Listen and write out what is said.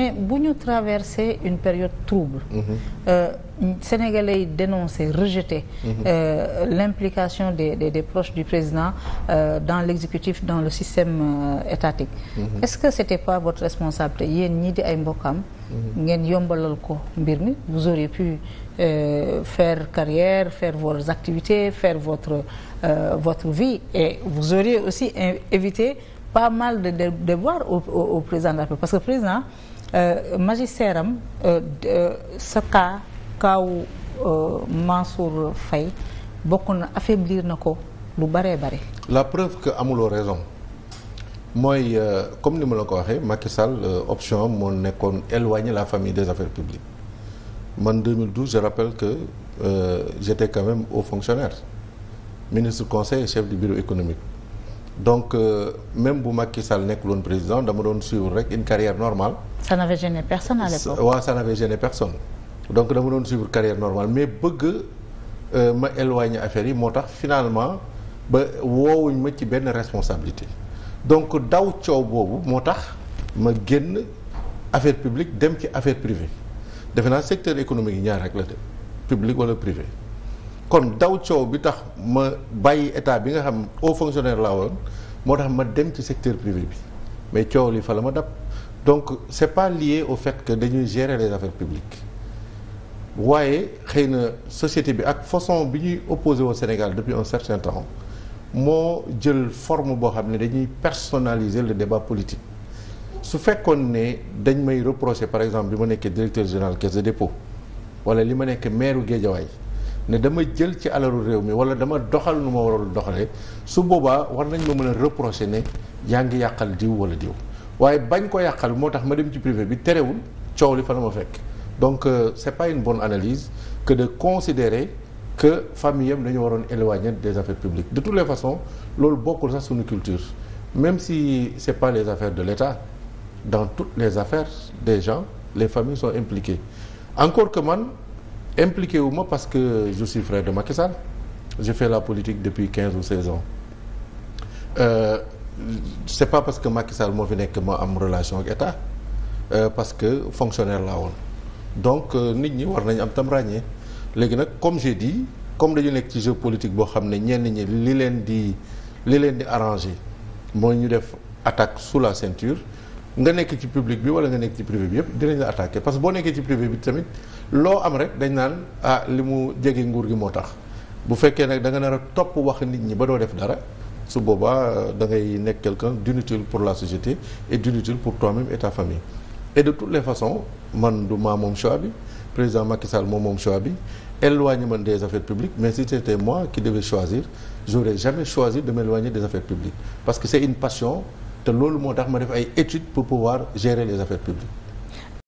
mais bu ñu traverser une période trouble mm -hmm. euh, Sénégalais yi dénoncer rejeter mhm. euh, l'implication des, des des proches du président euh, dans l'exécutif dans le système euh, étatique mm -hmm. est-ce que c'était pas votre responsabilité yéen ñii di ay mbokkam mhm. ngeen yombalal ko mbir mi vous auriez pu euh, faire carrière faire vos activités faire votre votre vie et vous auriez aussi évité pas mal de devoirs au, au, au président de la parce que président Euh, magistère am euh, sa cas kaaw euh, Mansour Faye bokk na affaiblir na ko lu baree bare la preuve que amuloo raison mooy comme ni ma la ko waxee Macky Sall option moo nekkoon éloigner la famille des affaires publiques man 2012 je rappelle que j'étais quand même haut fonctionnaire ministre conseil et chef du bureau économique donc euh, même bu Macky sal nekk loon président dama doon suivre rek une carrière normale. ça n'avait gêné personne à l'époque. waaw ouais, ça n'avait personne donc dama doon suivre carrière normale mais bëgg euh, ma éloigner affaire yi moo tax finalement ba woowuñ ma ci benn responsabilité donc daw coow boobu moo tax ma génn affaire publique dem ci affaire privée defe naa secteur économique yi ñaar rek la de public wala privé. kon daw coow bi tax ma bàyyi état bi nga xam haut fonctionnaire laa woon moo tax ma dem ci secteur privé bi mais coow li fa la ma dab donc c' est pas lié au fait que dañuy gérer les affaires publiques waaye xëy na société bi ak façon bi ñuy opposé au Sénégal depuis un certain temps moo jël forme boo xam ne dañuy personnaliser le débat politique su fekkoon ne dañ may reprocher par exemple bi ma nekkee directeur général caisse de dépôt wala li ma nekk maire Guédiawaye ne dama jël ci alalu réew mi wala dama doxal nu ma warul doxalee su boobaa war nañ ma mën a reprocher ne yaa ngi yàqal diw wala diw waaye bañ ko yàqal moo tax ma dem ci privé bi terewul coow li fa la fekk donc euh, c'est pas une bonne analyse que de considérer que famille am dañu waroon éloigner des affaires publiques de toutes les façons loolu bokkul sax suñu culture même si c'est pas les affaires de l'État dans toutes les affaires des gens les familles sont impliquées encore que man impliqué wu ma parce que je suis frère de Macky Sall j'ai fait la politique depuis quinze ou saison ans euh, c'est pas parce que Macky moo fi nekk ma am relation ak état euh, parce que fonctionnaire laa woon donc euh, nit ñi war nañ am tam ràññee léegi nag comme j'ai di comme dañu nekk ci jeu politique boo xam ne ñenn ñi li leen di li leen di arrangé moo ñu def attaque sous la ceinture nga nekk ci publique bi wala nga nekk ci privé bi yëpp dinañ la attaqué parce que boo nekkee ci privé bi tamit loo am rek dañ naan ah li mu jege nguur gi moo tax bu fekkee nag da nga nar a topp wax nit ñi ba doo def dara su boobaa euh, da ngay nekk quelqu'un d'inutile pour la société et d'inutile pour toi-même et ta famille et de toutes les façons man du maa moom choix bi président Macky moom moom choix bi éloignement des affaires publiques mais si c'était moi qui devais choisir j'aurais jamais choisi parce que c'est une passion te loolu moo tax ma def ay études pour pouvoir gérer les affaires publiques